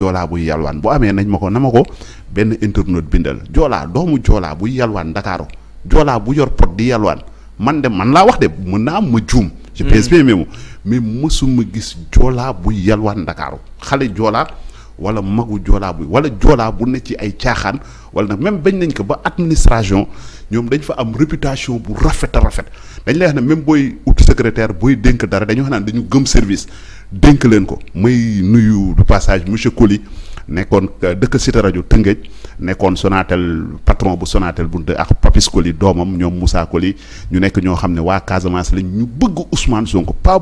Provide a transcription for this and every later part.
joolaa bu yalwaan bu amee nañ ma ko na ma ko benn internaute bindal joolaa doomu joolaa bu yalwaan ndakaaru joolaa bu yor pot di yalwaan man de man laa wax de mën naa am ma juum je mm. pense bien mais mësuma gis joolaa buy yalwaan ndakaaru xale joolaa wala magu joolaa bu wala joolaa bu ne ci ay caaxaan wala nag même bañ nañ ko ba administration ñoom dañ fa am réputation bu rafet a rafet dañ lay wax ne même booy ut secrétaire booy dénk dara dañu wax naan dañu gëm service dénk leen ko may nuyu du passage monsieur Coly nekkoon euh, dëkk Cité rajo Tëngéej nekkoon Sonatel patron bu Sonatel bu de ak Papis Coly doomam ñoom Moussa Coly ñu nekk ñoo xam ne waa Casamance lañ ñu bëgg Ousmane Sonko ko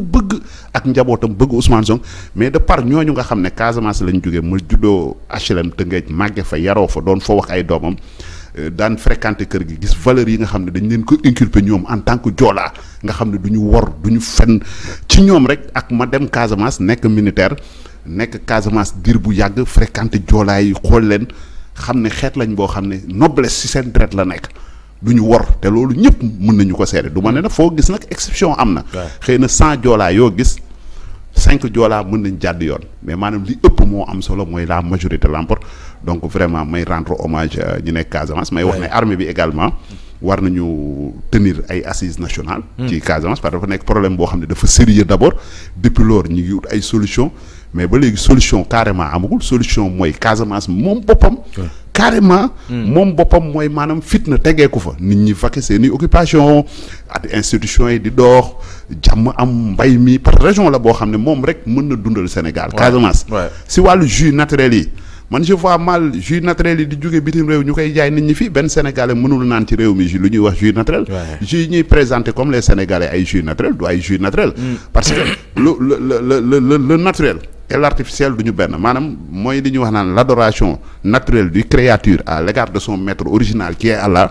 bëgg ak njabootam bëgg Ousmane Sonko mais de par ñooñu nga xam ne Casamance lañ jógee ma juddoo HLM Tëngéej màggee fa yaroo fa doon fa wax ay doomam euh, daan fréquenté kër gi gis valeurs yi nga xam ne dañ leen ko inculper ñoom en tant que joolaa nga xam ne du ñu wor du ñu fen ci ñoom rek ak ma dem Casamance nekk militaire nekk Casamance diir bu yàgg fréquenté joolaa yi xool leen xam ne xeet lañ boo xam ne noblesse ci seen deret la nekk du ñu wor te loolu ñëpp mun nañu ko seere du ma ne nag foo gis nag exception am na. xëy na cent joolaa yoo gis cinq joolaa mën nañ jàdd yoon mais maanaam li ëpp moo am solo mooy la majorité l'emporte donc vraiment may rendre hommage euh, ñu nekk Casamance. may wax ne armée bi également. war nañu tenir ay assises nationales. Hmm. ci Casamance parce que dafa nekk problème boo xam ne dafa sérieux d'abord depuis lors ñu ngi wut ay solution mais ba léegi solution carrément amagul solution mooy Casamance moom boppam. carrément. Hmm. moom boppam mooy maanaam fitna tegeeku fa nit ñi vaquer seeni occupation at institution yi di doox jàmm am mbay mii par région la boo xam ne moom rek mën na dundal Sénégal. Casamance si wàllu jus naturel yi. man je vois mal jus naturel yi di jóge bitim réew ñu koy jaay nit ñi fii benn sénégalais mënul naan ci réew mi jus lu ñuy wax jus naturel. jus yi ñuy présenté comme les sénégalais ay jus naturel du ay jus naturel. Hmm. parce que le le le le le naturel. et l'artificiel du ñu benn maanaam mooy li ñuy wax naan l'adoration naturelle du créature à l'égard de son mètre original qui est Allah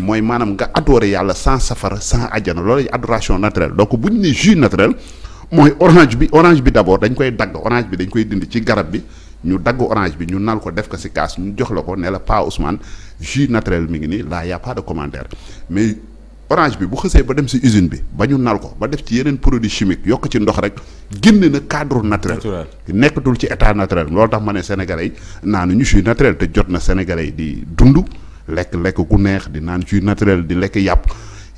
mooy maanaam nga adorer yàlla sans safara sans ajjana loolu adoration naturelle donc bu ñu ne jus naturel mooy orange bi orange bi d'abord dañ koy dagg orange bi dañ koy dindi ci garab bi ñu dagg orange bi ñu nal ko def ko ci kaas ñu jox la ko ne la Pa Ousmane jus naturel mi ngi nii là y a pas de commentaire mais orange bi bu xësee ba dem si usine bi ba ñu nal ko ba def ci yeneen produit chimique yokk ci ndox rek génn na cadre naturel nekkatul ci état naturel loolu tax ma ne sénégalais yi naanu ñu suy naturel te jot na sénégalais yi di dundu lekk lekk ku neex di naan suy naturel di lekk yàpp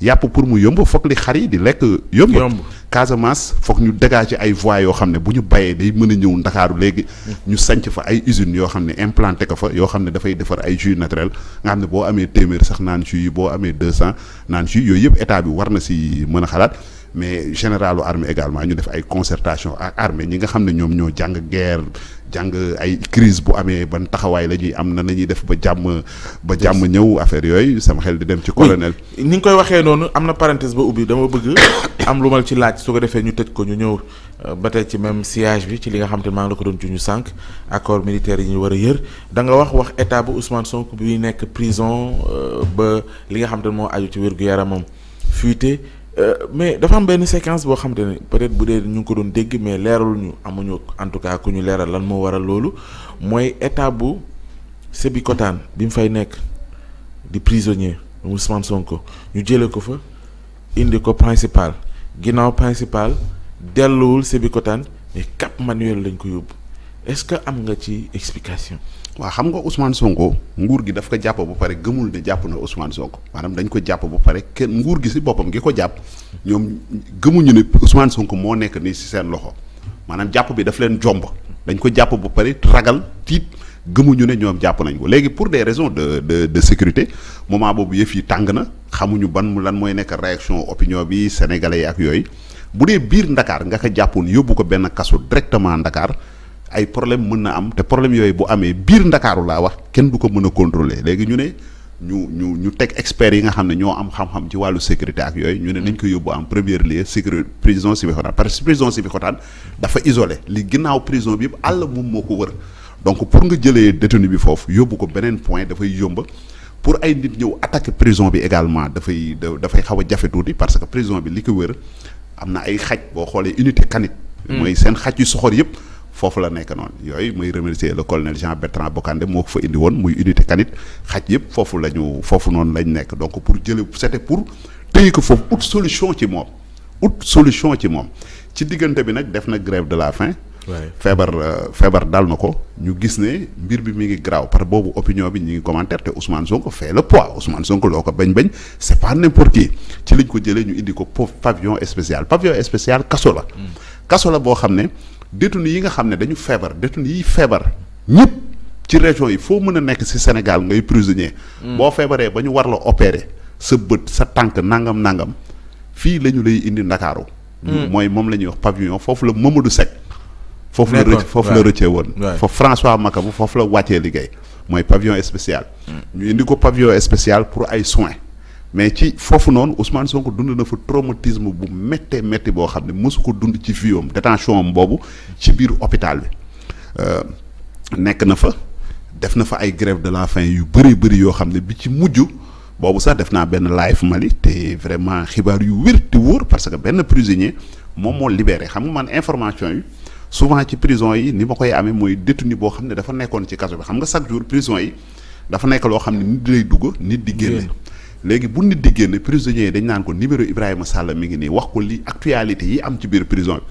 yàpp pour mu yomb foog li xar yi di lekk yomb Casamance foog ñu ci ay voies yoo xam ne bu ñu bayee day mën a ñëw ndakaaru léegi mm. ñu sanc fa ay usines yoo xam ne implanté ko fa yoo xam ne dafay defar ay jus naturel nga xam ne boo amee téeméer sax naan jus yi boo amee deux cent naan jus yooyu yëpp état bi war na si mën a xalaat mais généralu armée également ñu def ay concertation ak armée ñi nga xam ne ñoom ñoo jàng guerre jàng ay crise bu amee ban taxawaay la ñuy am na la ñuy def ba jàmm ba jàmm ñëw affaire yooyu sama xel di dem ci colonel ni nga koy waxee noonu am na parenthèse ba ubbi dama bëgg am lu mal ci laaj su ko defee ñu tëj ko ñu ñëw euh, ba tey ci même siège bi ci li nga xam te maa ngi la ko doon juñu sànq accord militaire yi ñu war a yër da nga wax wax état bu Ousmane Sonko bi nekk prison euh, ba li nga xam te moo aju ci wér-gu-yaramam fuité Euh, mais dafa am benn séquence boo xam ne peut-être bu dee ñu ngi ko doon dégg mais leeralul ñu amuñu en tout cas ku ñu leeral lan moo waral loolu mooy état bu Sébikotane bi mu fay nekk di prisonnier Ousmane ko ñu jëlee ko fa indi ko principal ginnaaw principal dellowul Sébikotane mais Cap Manuel lañ ko yóbbu. est-ce que am nga ci explication. waa xam nga Ousmane Sonko nguur gi daf ko jàpp ba pare gëmul ne jàpp na Ousmane Sonko maanaam dañ ko jàpp ba pare kenn nguur gi si boppam gi ko jàpp ñoom gëmuñu ne Ousmane moo nekk nii si seen loxo maanaam jàpp bi daf leen jomb dañ ko jàpp ba pare ragal tiit gëmuñu ne ñoom jàpp nañ ko léegi pour des raisons de de de sécurité moment boobu yëf yi tàng na xamuñu ban mu lan mooy nekk réaction opinion bi sénégalais yi ak yooyu bu dee biir Ndakaar nga ko jàppoon yóbbu ko benn kaso directement Ndakaar. ay problème mën na am te problème yooyu bu amee biir ndakaaru laa wax kenn du ko mën a contrôler léegi ñu ne ñu ñu ñu teg experts yi nga xam ne ñoo am xam-xam ci wàllu sécurité ak yooyu ñu ne nañ ko yóbbu en première li sécurité prison Sébikotane parce que prison Sébikotane dafa isolé li ginnaaw prison bi yëpp àll moom ko wër donc pour nga jëlee détenu bi foofu yóbbu ko beneen point dafay yomba pour ay nit ñëw attaquer prison bi également dafay dafay xaw a jafe tuuti parce que prison bi li ko wër am na ay xaj boo xoolee unité canine hmm. mooy seen xaj yu soxor yëpp foofu la nekk noonu yooyu muy remercier le colonel Jean Bertrand Bocandé moo ko fa indi woon muy unité kanit xaj yëpp foofu la ñu foofu noonu lañ nekk donc pour jële c'était pour téye ko foofu ut solution ci moom ut solution ci moom ci diggante bi nag def na grève de la faim feebar euh, feebar dal na ko ñu gis ne mbir bi mu ngi graaw par que boobu opinion bi ñi ngi commentaire te Ousmane Sonko fait le poids Ousmane Sonko loo ko bañ bañ c'est pas n'importe qui ci lañ ko ñu indi ko pavillon spécial pavillon spécial kaso la mm. kaso la détenu yi nga xam ne dañu feebar détenu yi feebar ñëpp ci région yi foo mën a nekk si Sénégal ngay prisonnier mm. boo feebaree ba ñu war la opérer sa bët sa tànk nangam nangam fii lañu ñu lay indi Ndakaaru mm. mooy moom la ñuy wax pavillon foofu la Mamadou Seck foofu la rëcc foofu la rëccee woon foofu François Makabu foofu la wàccee liggéey mooy pavillon spécial mm. ñu indi ko pavillon spécial pour ay soin mais ci foofu noonu soo ko dund na fa traumatisme bu méttee métti boo xam ne mosu ko dund ci vie am détention am boobu ci biir hôpital bi euh, nekk na fa def na fa ay grève de la faim yu bëri bëri yoo xam ne bi ci mujj boobu sax def naa benn live Mali te vraiment xibaar yu wér te wóor parce que benn prisonnier moom moo libéré xam nga man information yi souvent ci prison yi ni ma koy amee mooy détenu boo xam ne dafa nekkoon ci kaso bi xam nga chaque jour prison yi dafa nekk loo xam ne di lay dugg nit di génn léegi bu nit di génn prisonnier yi dañ naan ko numéro Ibrahima Sall mi ngi nii wax ko lii actualité yi am ci biir prison bi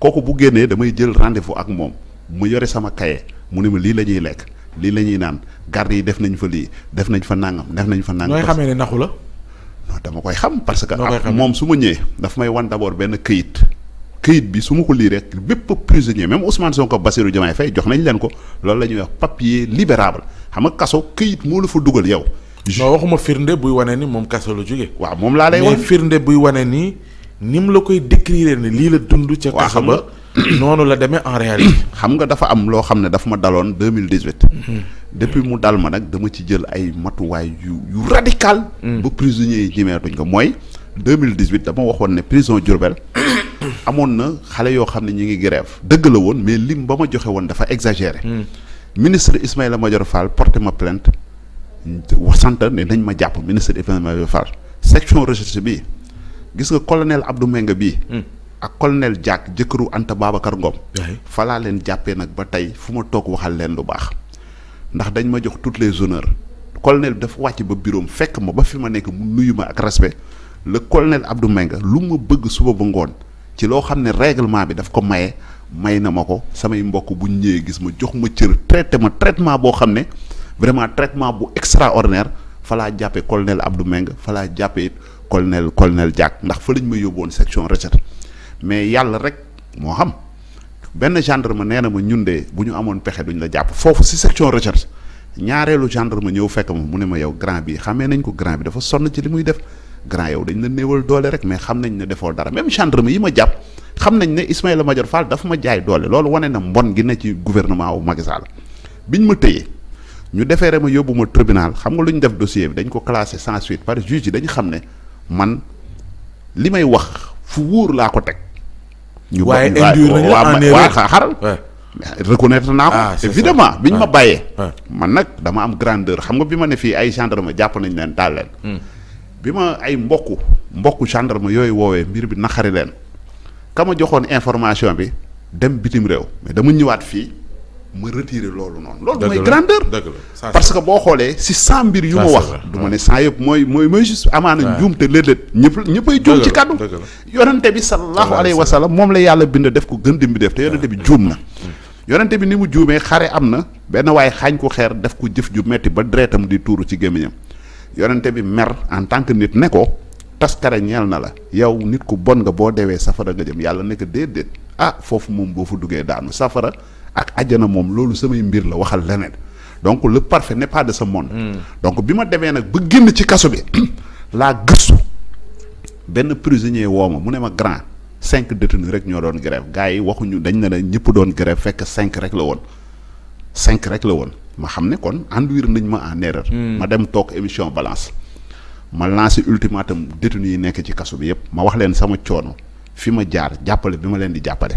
kooku bu génnee damay jël rendez-vous ak moom mu yore sama kaye mu ne ma lii la ñuy lekk lii la ñuy naan garde yi def nañu fa lii def nañ fa nangam def nañ fa nangam. nooy xame ne naxu la. non dama koy xam parce que. moom su ma ñëwee daf may wan d'abord benn këyit. këyit bi su ma ko lii rek bépp prisonnier même Ousmane Sonko Bassirou Diomaye Faye jox nañ leen ko loolu la ñuy wax papier libérable xam nga kaso këyit moo la fa dugal yow. non waxuma firnde buy wane ni moom kaso la jóge waaw moom laa lay wax mais firnde buy wane nii ni mu la koy décrire ni lii la dund ca kaso ba noonu la demee en yi xam nga dafa am loo xam ne dafa ma daloon deux mille dix-huit mhm. depuis mu dal ma nag dama ci jël ay matuwaay yu yu radical mhm. ba prisonniers yi ñemeetuñ ko mooy deux mille dix-huit dama waxoon ne prison Diourbel amoon na xale yoo xam ne ñu ngi grève dëgg la woon mais lim ba ma joxe woon dafa exagéré mhm. ministre Ismaïla Madior Fall porté ma plainte santal ne nañ ma jàpp ministre de l'Économie Fall section recherche bi gis nga colonel Abdou Mbengue bi hmm. ak colonel Diack jëkkëru Anta Babacar Ngom falaa leen jàppee nag ba tey fu ma toog waxal leen lu baax ndax dañ ma jox toutes les honneurs colonel bi dafa wàcc ba bureau fekk ma ba fi ma nekk mu nuyu ma ak respect le colonel Abdou Mbengue lu ma bëgg suba ba ngoon ci loo xam ne réglement bi daf ko maye may na ma ko samay mbokk bu ñëwee gis ma jox ma cër traité ma traitement boo xam ne vraiment traitement bu extraordinaire fa laa jàppe colonel Abdou Meng fa laa jàppee it colonel colonel Diack ndax fa ñu ma yóbboon section recherche mais yàlla rek moo xam benn gendarme nee na ma ñun de bu ñu amoon pexe duñ la jàpp foofu si section recharge ñaareelu ma ñëw fekk ma mu ne ma yow grand bi xamee nañ ko grand bi dafa sonn ci li muy def grand yow dañ la néewal doole rek mais xam nañ ne defoo dara même gendarme yi ma jàpp xam nañ ne Ismaïla Madior Fall dafa ma jaay doole loolu wane na mbon gi ne ci gouvernement wu Macky Sall ma tëyee. ñu defeere ma yóbbu ma tribunal xam nga lu ñu def dossier bi dañ ko classé sans suite par juge yi dañu xam ne man li may wax fu wóor laa ko teg. ñu waaye induire nañu en erreur xaral. reconnaître naa ko. ah évidemment bi ñu ma bàyyee. man nag dama am grandeur xam nga bi ma ne fii ay ma jàpp nañ leen daal leen. Hmm. bi ma ay mbokku mbokku ma yooyu woowee mbir bi naqari leen. ka ma joxoon information bi dem bitim réew mais dama ñëwaat fii. ma retirer loolu noonu. loolu mooy grandeur. parce que boo xoolee si cent mbir yu ma wax. du ne cent yëpp mooy mooy mooy juste amaana njuum te léeg-léeg ñëpp ñëppay juum ci kaddu. yonente bi sallallahu alayhi wa sallam moom la yàlla bind def ko gën di def te yonente bi juum na. yonente bi ni mu juumee xare am na benn waaye xaañ ko xeer def ko jëf ju metti ba deretam di tuuru ci gémmiñam yonente bi mer en tant que nit ne ko taskare ñeel na la yow nit ku bon nga boo dewee safara nga yàlla nekk déedéet ah foofu moom boo fa duggee daanu safara ak àjjana moom loolu samay mbir la waxal leneen donc le parfait n'est pas de ce monde. Hmm. donc bi ma demee nag ba génn ci kaso bi laa gëstu benn prisonnier woo ma mu ne ma grand cinq détenus rek ñoo doon grève gars yi waxuñu dañ ne la ñëpp doon grève fekk cinq rek la woon cinq rek la woon ma xam ne kon enduire nañ ma en erreur. Hmm. ma dem toog émission balance. ma lancé ultimatum détenus yi nekk ci kaso bi yëpp ma wax leen sama coono fi ma jaar jàppale bi ma leen di jàppale.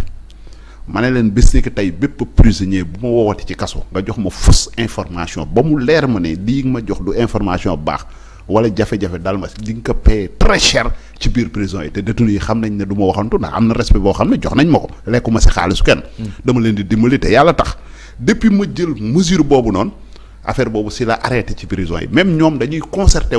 ma ne leen bés ni tey bépp prisonnier bu ma woowati ci kaso nga jox ma fausse information ba mu leer ma ne lii ma jox du information bu baax wala jafe-jafe dal ma di nga ko paye très ci biir prison yi te détenu yi xam nañ ne du ma waxantu ndax am na respect boo xam ne jox nañ ma ko lekkuma si xaalisu kenn. Hmm. dama leen di dimbali te yàlla tax depuis ma jël mesure boobu noonu affaire boobu si la arrêté ci prison yi même ñoom dañuy concerté